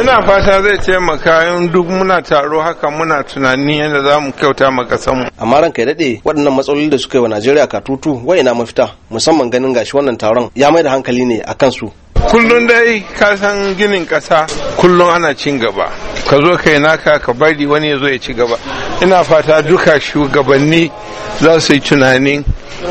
ina fata zai ce makayan duk muna taro haka muna tunani yadda za mu kyauta ma kasanmu amma ran ya daɗe waɗannan matsaloli da suka yi wa najeriya ka tutu wai ina mafita musamman ganin gashi wannan taron ya mai da hankali ne a kansu kullum dai ka san ginin ƙasa kullum ana cin gaba ka zo kai naka ka bari wani ya zo ya ci gaba ina fata duka shugabanni za su yi tunanin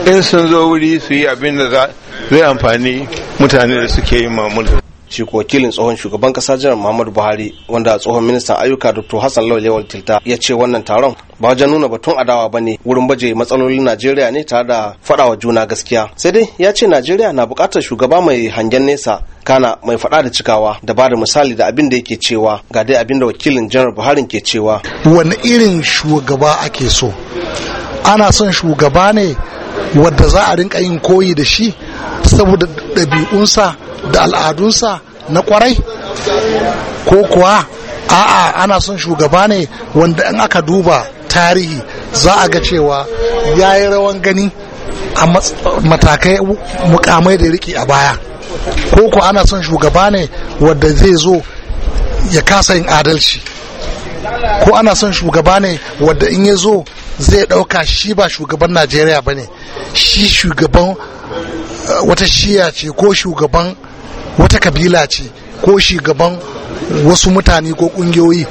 in sun zo wuri su yi abin da zai amfani mutane da suke yi mamulki shi ko wakilin tsohon shugaban kasa janar muhammadu buhari wanda tsohon ministan ayyuka dr hassan lawal tilta ya ce wannan taron ba wajen nuna batun adawa ba ne wurin baje matsalolin najeriya ne tare da faɗawa juna gaskiya sai dai ya ce najeriya na bukatar shugaba mai hangen nesa kana mai faɗa da cikawa da ba da misali da abin da yake cewa ga dai abin da wakilin janar buhari ke cewa wani irin shugaba ake so ana son shugaba ne wadda za a rinka yin koyi da shi saboda ɗabi'unsa da al'adunsa na kwarai ko kuwa a'a ana son shugaba ne wanda in aka duba tarihi za a ga cewa ya yi rawan gani a matakai mukamai da riki a baya ko kuwa ana son shugaba ne wadda zai zo ya kasa yin adalci ko ana son shugaba ne wadda in ya zo zai ɗauka shi ba shugaban najeriya ba ne shi shugaban wata shiya ce ko shugaban wata kabila ce ko shugaban wasu mutane ko kungiyoyi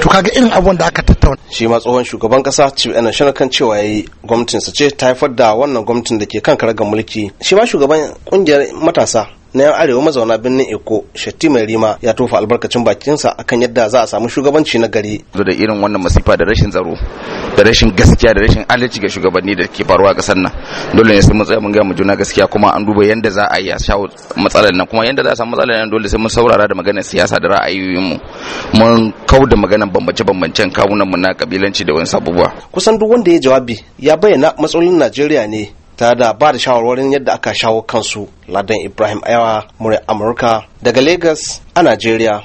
to kaga irin abun da aka tattauna shi ma tsohon shugaban kasa ci enan kan cewa yayi gwamnatinsa ce ta haifar da wannan gwamnatin da ke kan karagar mulki shi ma shugaban kungiyar matasa na yan arewa mazauna birnin eko shatti mai rima ya tofa albarkacin bakinsa akan yadda za a samu shugabanci na gari da irin wannan masifa da rashin tsaro da rashin gaskiya da rashin alhaji ga shugabanni da ke faruwa a kasar nan dole ne sai mun tsaya mun ga mu juna gaskiya kuma an duba yadda za a yi a shawo matsalar nan kuma yadda za a samu matsalar nan dole sai mun saurara da maganar siyasa da ra'ayoyin mu mun kau da maganar bambance bambancen kawunan mu na kabilanci da wani sabubuwa kusan duk wanda ya jawabi ya bayyana matsalolin Najeriya ne ta da ba da shawarwarin yadda aka shawo kansu ladan ibrahim ayawa murai amurka daga lagos a najeriya